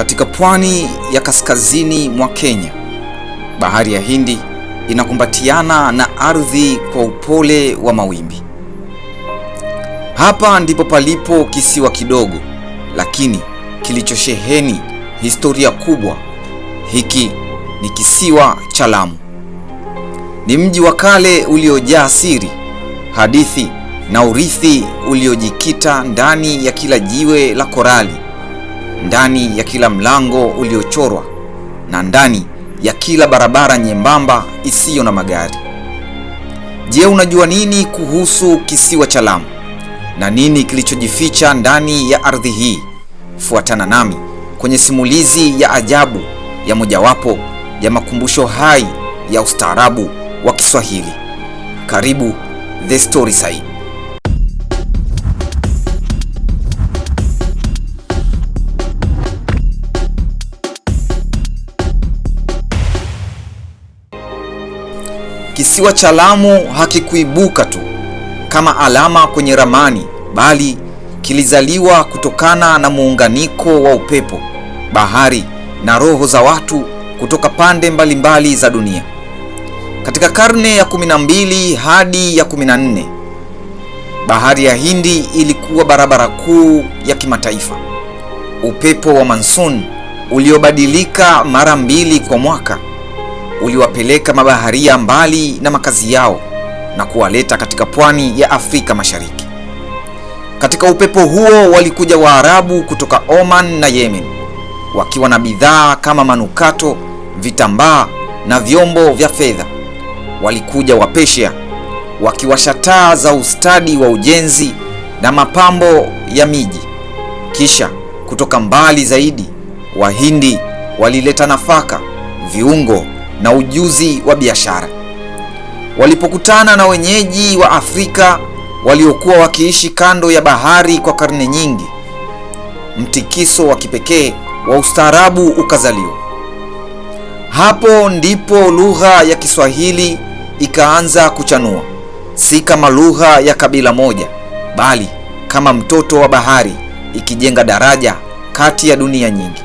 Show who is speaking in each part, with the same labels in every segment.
Speaker 1: Katika pwani ya kaskazini mwa Kenya, bahari ya Hindi inakumbatiana na ardhi kwa upole wa mawimbi. Hapa ndipo palipo kisiwa kidogo lakini kilichosheheni historia kubwa. Hiki ni kisiwa cha Lamu. Ni mji wa kale uliojaa siri, hadithi na urithi uliojikita ndani ya kila jiwe la korali ndani ya kila mlango uliochorwa na ndani ya kila barabara nyembamba isiyo na magari. Je, unajua nini kuhusu kisiwa cha Lamu na nini kilichojificha ndani ya ardhi hii? Fuatana nami kwenye simulizi ya ajabu ya mojawapo ya makumbusho hai ya ustaarabu wa Kiswahili. Karibu The Story Side. Kisiwa cha Lamu hakikuibuka tu kama alama kwenye ramani, bali kilizaliwa kutokana na muunganiko wa upepo, bahari na roho za watu kutoka pande mbalimbali mbali za dunia. Katika karne ya 12 hadi ya 14, bahari ya Hindi ilikuwa barabara kuu ya kimataifa. Upepo wa monsoon uliobadilika mara mbili kwa mwaka uliwapeleka mabaharia mbali na makazi yao na kuwaleta katika pwani ya Afrika Mashariki. Katika upepo huo walikuja Waarabu kutoka Oman na Yemen wakiwa na bidhaa kama manukato, vitambaa na vyombo vya fedha. Walikuja Wapersia wakiwasha taa za ustadi wa ujenzi na mapambo ya miji. Kisha kutoka mbali zaidi, Wahindi walileta nafaka, viungo na ujuzi wa biashara. Walipokutana na wenyeji wa Afrika waliokuwa wakiishi kando ya bahari kwa karne nyingi, mtikiso wa kipekee wa ustaarabu ukazaliwa. Hapo ndipo lugha ya Kiswahili ikaanza kuchanua, si kama lugha ya kabila moja, bali kama mtoto wa bahari, ikijenga daraja kati ya dunia nyingi.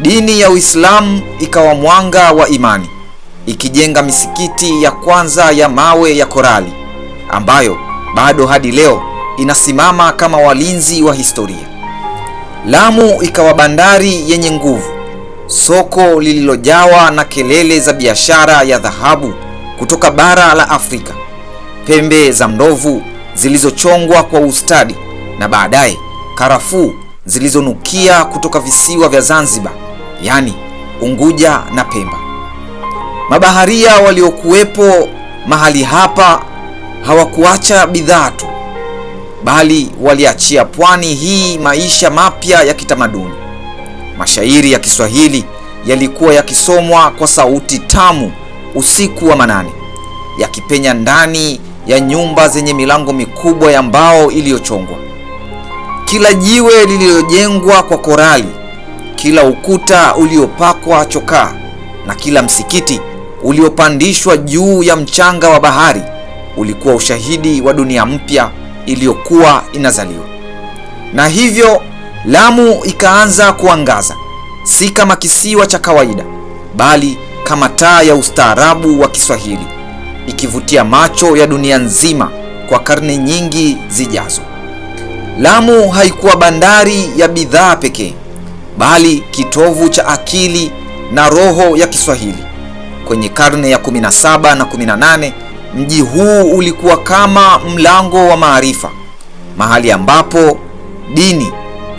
Speaker 1: Dini ya Uislamu ikawa mwanga wa imani, ikijenga misikiti ya kwanza ya mawe ya korali ambayo bado hadi leo inasimama kama walinzi wa historia. Lamu ikawa bandari yenye nguvu, soko lililojawa na kelele za biashara ya dhahabu kutoka bara la Afrika, pembe za ndovu zilizochongwa kwa ustadi na baadaye karafuu zilizonukia kutoka visiwa vya Zanzibar yaani Unguja na Pemba. Mabaharia waliokuwepo mahali hapa hawakuacha bidhaa tu, bali waliachia pwani hii maisha mapya ya kitamaduni. Mashairi ya Kiswahili yalikuwa yakisomwa kwa sauti tamu usiku wa manane, yakipenya ndani ya nyumba zenye milango mikubwa ya mbao iliyochongwa. Kila jiwe lililojengwa kwa korali kila ukuta uliopakwa chokaa na kila msikiti uliopandishwa juu ya mchanga wa bahari ulikuwa ushahidi wa dunia mpya iliyokuwa inazaliwa. Na hivyo Lamu ikaanza kuangaza, si kama kisiwa cha kawaida, bali kama taa ya ustaarabu wa Kiswahili, ikivutia macho ya dunia nzima kwa karne nyingi zijazo. Lamu haikuwa bandari ya bidhaa pekee, bali kitovu cha akili na roho ya Kiswahili. Kwenye karne ya 17 na 18, mji huu ulikuwa kama mlango wa maarifa, mahali ambapo dini,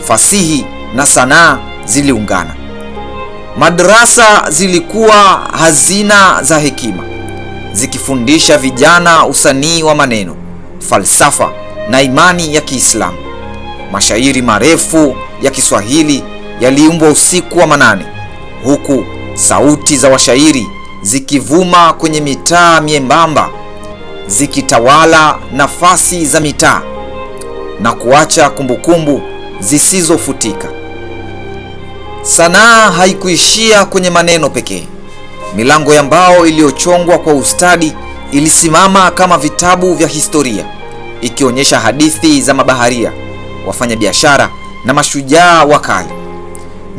Speaker 1: fasihi na sanaa ziliungana. Madrasa zilikuwa hazina za hekima, zikifundisha vijana usanii wa maneno, falsafa na imani ya Kiislamu. Mashairi marefu ya Kiswahili yaliimbwa usiku wa manane, huku sauti za washairi zikivuma kwenye mitaa miembamba, zikitawala nafasi za mitaa na kuacha kumbukumbu zisizofutika. Sanaa haikuishia kwenye maneno pekee. Milango ya mbao iliyochongwa kwa ustadi ilisimama kama vitabu vya historia, ikionyesha hadithi za mabaharia, wafanyabiashara na mashujaa wa kale.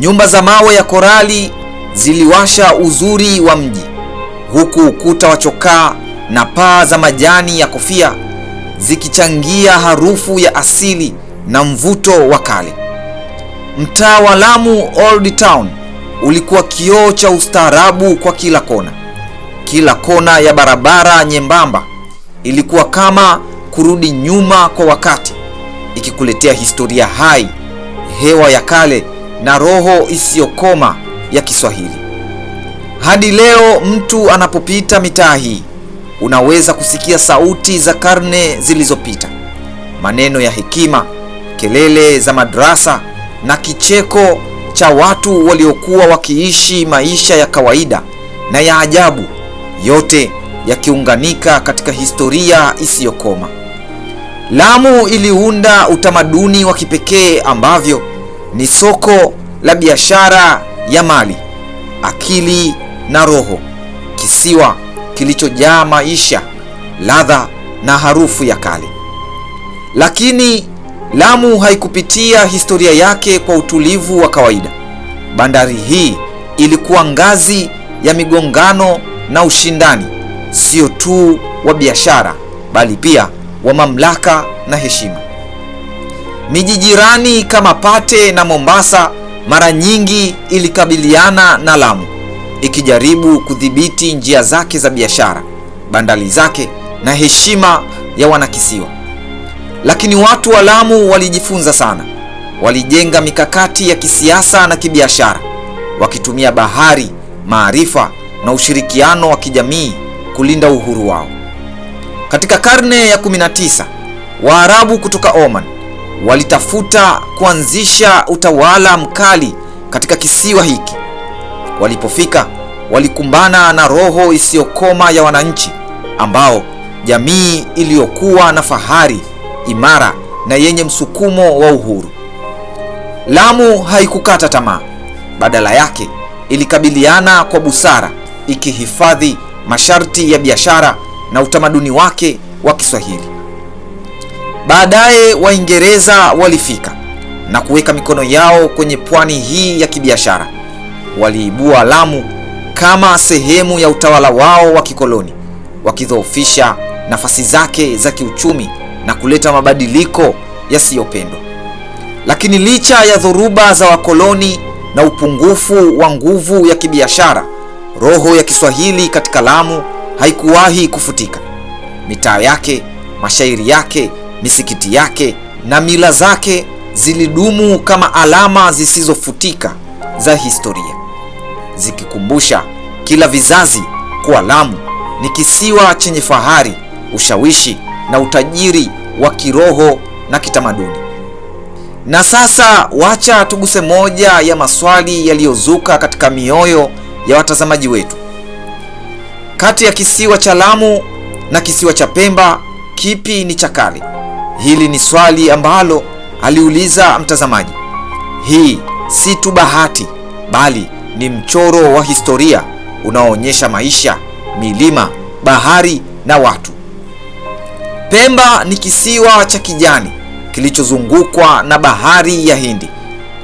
Speaker 1: Nyumba za mawe ya korali ziliwasha uzuri wa mji, huku ukuta wa chokaa na paa za majani ya kofia zikichangia harufu ya asili na mvuto wa kale. Mtaa wa Lamu Old Town ulikuwa kioo cha ustaarabu kwa kila kona. Kila kona ya barabara nyembamba ilikuwa kama kurudi nyuma kwa wakati, ikikuletea historia hai, hewa ya kale na roho isiyokoma ya Kiswahili. Hadi leo mtu anapopita mitaa hii unaweza kusikia sauti za karne zilizopita, maneno ya hekima, kelele za madrasa na kicheko cha watu waliokuwa wakiishi maisha ya kawaida na ya ajabu, yote yakiunganika katika historia isiyokoma. Lamu iliunda utamaduni wa kipekee ambavyo ni soko la biashara ya mali, akili na roho, kisiwa kilichojaa maisha, ladha na harufu ya kale. Lakini Lamu haikupitia historia yake kwa utulivu wa kawaida. Bandari hii ilikuwa ngazi ya migongano na ushindani, sio tu wa biashara, bali pia wa mamlaka na heshima. Miji jirani kama Pate na Mombasa mara nyingi ilikabiliana na Lamu ikijaribu kudhibiti njia zake za biashara, bandari zake na heshima ya wanakisiwa. Lakini watu wa Lamu walijifunza sana. Walijenga mikakati ya kisiasa na kibiashara, wakitumia bahari, maarifa na ushirikiano wa kijamii kulinda uhuru wao. Katika karne ya 19, Waarabu kutoka Oman walitafuta kuanzisha utawala mkali katika kisiwa hiki. Walipofika walikumbana na roho isiyokoma ya wananchi ambao jamii iliyokuwa na fahari imara na yenye msukumo wa uhuru. Lamu haikukata tamaa, badala yake ilikabiliana kwa busara, ikihifadhi masharti ya biashara na utamaduni wake wa Kiswahili. Baadaye Waingereza walifika na kuweka mikono yao kwenye pwani hii ya kibiashara. Waliibua Lamu kama sehemu ya utawala wao wa kikoloni, wakidhoofisha nafasi zake za kiuchumi na kuleta mabadiliko yasiyopendwa. Lakini licha ya dhoruba za wakoloni na upungufu wa nguvu ya kibiashara, roho ya Kiswahili katika Lamu haikuwahi kufutika. Mitaa yake, mashairi yake Misikiti yake na mila zake zilidumu kama alama zisizofutika za historia, zikikumbusha kila vizazi kuwa Lamu ni kisiwa chenye fahari, ushawishi na utajiri wa kiroho na kitamaduni. Na sasa wacha tuguse moja ya maswali yaliyozuka katika mioyo ya watazamaji wetu. Kati ya kisiwa cha Lamu na kisiwa cha Pemba, kipi ni cha kale? Hili ni swali ambalo aliuliza mtazamaji. Hii si tu bahati, bali ni mchoro wa historia unaoonyesha maisha, milima, bahari na watu. Pemba ni kisiwa cha kijani kilichozungukwa na bahari ya Hindi.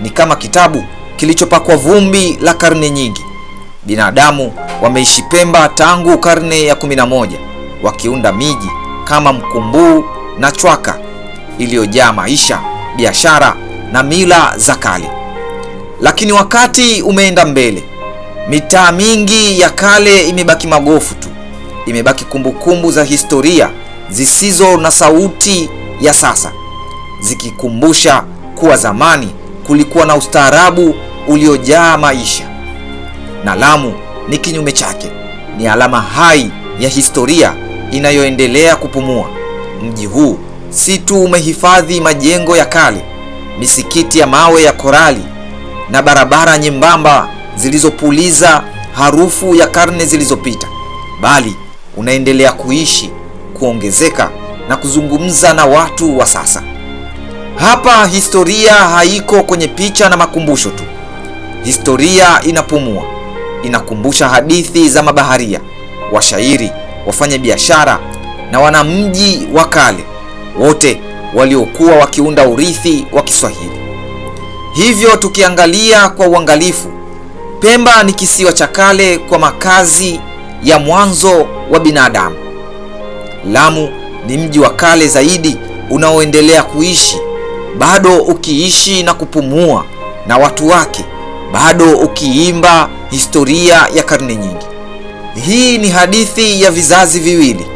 Speaker 1: Ni kama kitabu kilichopakwa vumbi la karne nyingi. Binadamu wameishi Pemba tangu karne ya 11 wakiunda miji kama Mkumbuu na Chwaka iliyojaa maisha, biashara na mila za kale. Lakini wakati umeenda mbele, mitaa mingi ya kale imebaki magofu tu, imebaki kumbukumbu kumbu za historia zisizo na sauti ya sasa, zikikumbusha kuwa zamani kulikuwa na ustaarabu uliojaa maisha. Na Lamu ni kinyume chake, ni alama hai ya historia inayoendelea kupumua. Mji huu si tu umehifadhi majengo ya kale, misikiti ya mawe ya korali na barabara nyembamba zilizopuliza harufu ya karne zilizopita, bali unaendelea kuishi, kuongezeka na kuzungumza na watu wa sasa. Hapa historia haiko kwenye picha na makumbusho tu. Historia inapumua, inakumbusha hadithi za mabaharia, washairi, wafanyabiashara na wanamji wa kale wote waliokuwa wakiunda urithi wa Kiswahili. Hivyo tukiangalia kwa uangalifu, Pemba ni kisiwa cha kale kwa makazi ya mwanzo wa binadamu. Lamu ni mji wa kale zaidi unaoendelea kuishi, bado ukiishi na kupumua, na watu wake bado ukiimba historia ya karne nyingi. Hii ni hadithi ya vizazi viwili,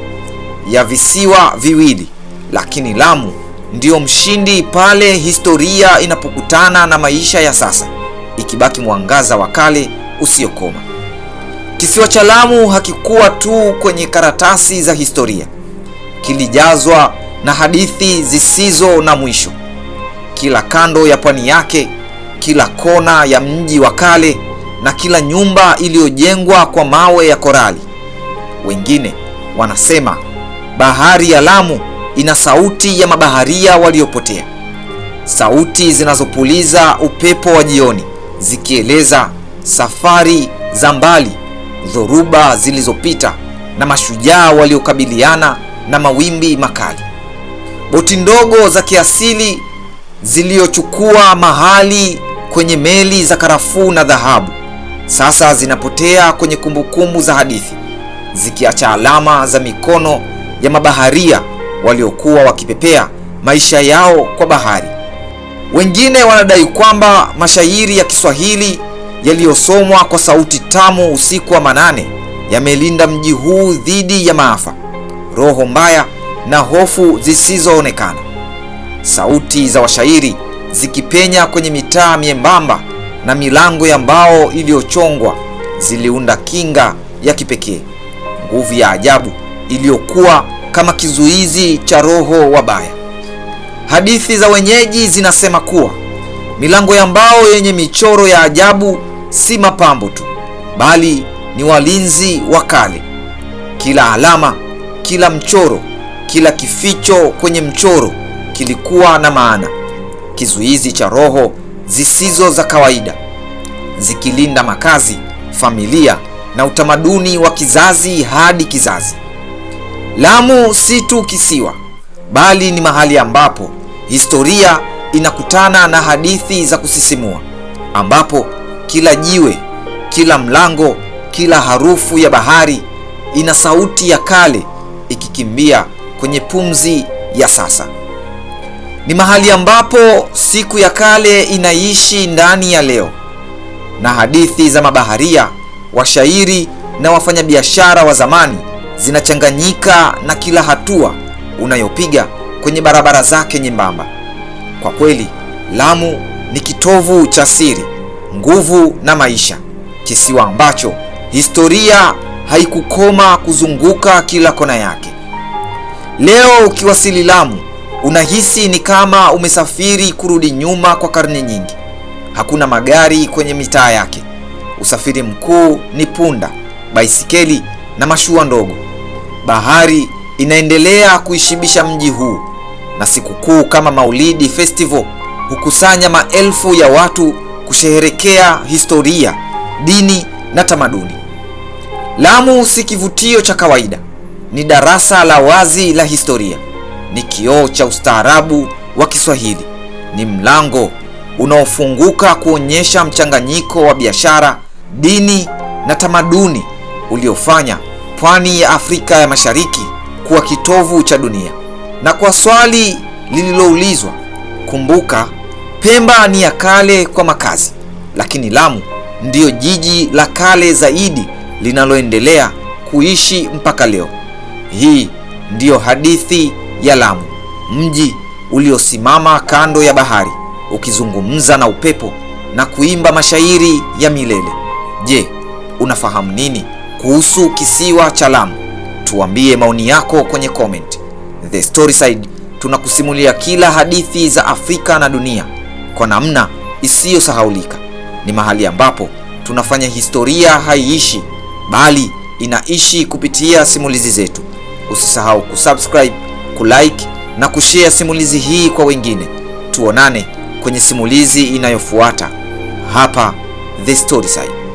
Speaker 1: ya visiwa viwili lakini Lamu ndiyo mshindi pale historia inapokutana na maisha ya sasa, ikibaki mwangaza wa kale usiokoma. Kisiwa cha Lamu hakikuwa tu kwenye karatasi za historia, kilijazwa na hadithi zisizo na mwisho. Kila kando ya pwani yake, kila kona ya mji wa kale, na kila nyumba iliyojengwa kwa mawe ya korali. Wengine wanasema bahari ya Lamu ina sauti ya mabaharia waliopotea, sauti zinazopuliza upepo wa jioni zikieleza safari za mbali, dhoruba zilizopita na mashujaa waliokabiliana na mawimbi makali. Boti ndogo za kiasili ziliyochukua mahali kwenye meli za karafuu na dhahabu sasa zinapotea kwenye kumbukumbu za hadithi, zikiacha alama za mikono ya mabaharia waliokuwa wakipepea maisha yao kwa bahari. Wengine wanadai kwamba mashairi ya Kiswahili yaliyosomwa kwa sauti tamu usiku wa manane yamelinda mji huu dhidi ya maafa, roho mbaya na hofu zisizoonekana. Sauti za washairi zikipenya kwenye mitaa miembamba na milango ya mbao iliyochongwa ziliunda kinga ya kipekee, nguvu ya ajabu iliyokuwa kama kizuizi cha roho wabaya. Hadithi za wenyeji zinasema kuwa milango ya mbao yenye michoro ya ajabu si mapambo tu, bali ni walinzi wa kale Kila alama, kila mchoro, kila kificho kwenye mchoro kilikuwa na maana, kizuizi cha roho zisizo za kawaida, zikilinda makazi, familia na utamaduni wa kizazi hadi kizazi. Lamu si tu kisiwa, bali ni mahali ambapo historia inakutana na hadithi za kusisimua, ambapo kila jiwe, kila mlango, kila harufu ya bahari ina sauti ya kale ikikimbia kwenye pumzi ya sasa. Ni mahali ambapo siku ya kale inaishi ndani ya leo, na hadithi za mabaharia, washairi na wafanyabiashara wa zamani zinachanganyika na kila hatua unayopiga kwenye barabara zake nyembamba. Kwa kweli, Lamu ni kitovu cha siri, nguvu na maisha, kisiwa ambacho historia haikukoma kuzunguka kila kona yake. Leo ukiwasili Lamu, unahisi ni kama umesafiri kurudi nyuma kwa karne nyingi. Hakuna magari kwenye mitaa yake. Usafiri mkuu ni punda, baisikeli na mashua ndogo. Bahari inaendelea kuishibisha mji huu, na sikukuu kama Maulidi Festival hukusanya maelfu ya watu kusherehekea historia, dini na tamaduni. Lamu si kivutio cha kawaida, ni darasa la wazi la historia, ni kioo cha ustaarabu wa Kiswahili, ni mlango unaofunguka kuonyesha mchanganyiko wa biashara, dini na tamaduni uliofanya pwani ya Afrika ya Mashariki kuwa kitovu cha dunia. Na kwa swali lililoulizwa, kumbuka Pemba ni ya kale kwa makazi, lakini Lamu ndiyo jiji la kale zaidi linaloendelea kuishi mpaka leo. Hii ndiyo hadithi ya Lamu, mji uliosimama kando ya bahari ukizungumza na upepo na kuimba mashairi ya milele. Je, unafahamu nini kuhusu kisiwa cha Lamu? Tuambie maoni yako kwenye comment. The Storyside tunakusimulia kila hadithi za Afrika na dunia kwa namna isiyosahaulika. Ni mahali ambapo tunafanya historia haiishi bali inaishi kupitia simulizi zetu. Usisahau kusubscribe, kulike na kushare simulizi hii kwa wengine. Tuonane kwenye simulizi inayofuata hapa The Storyside.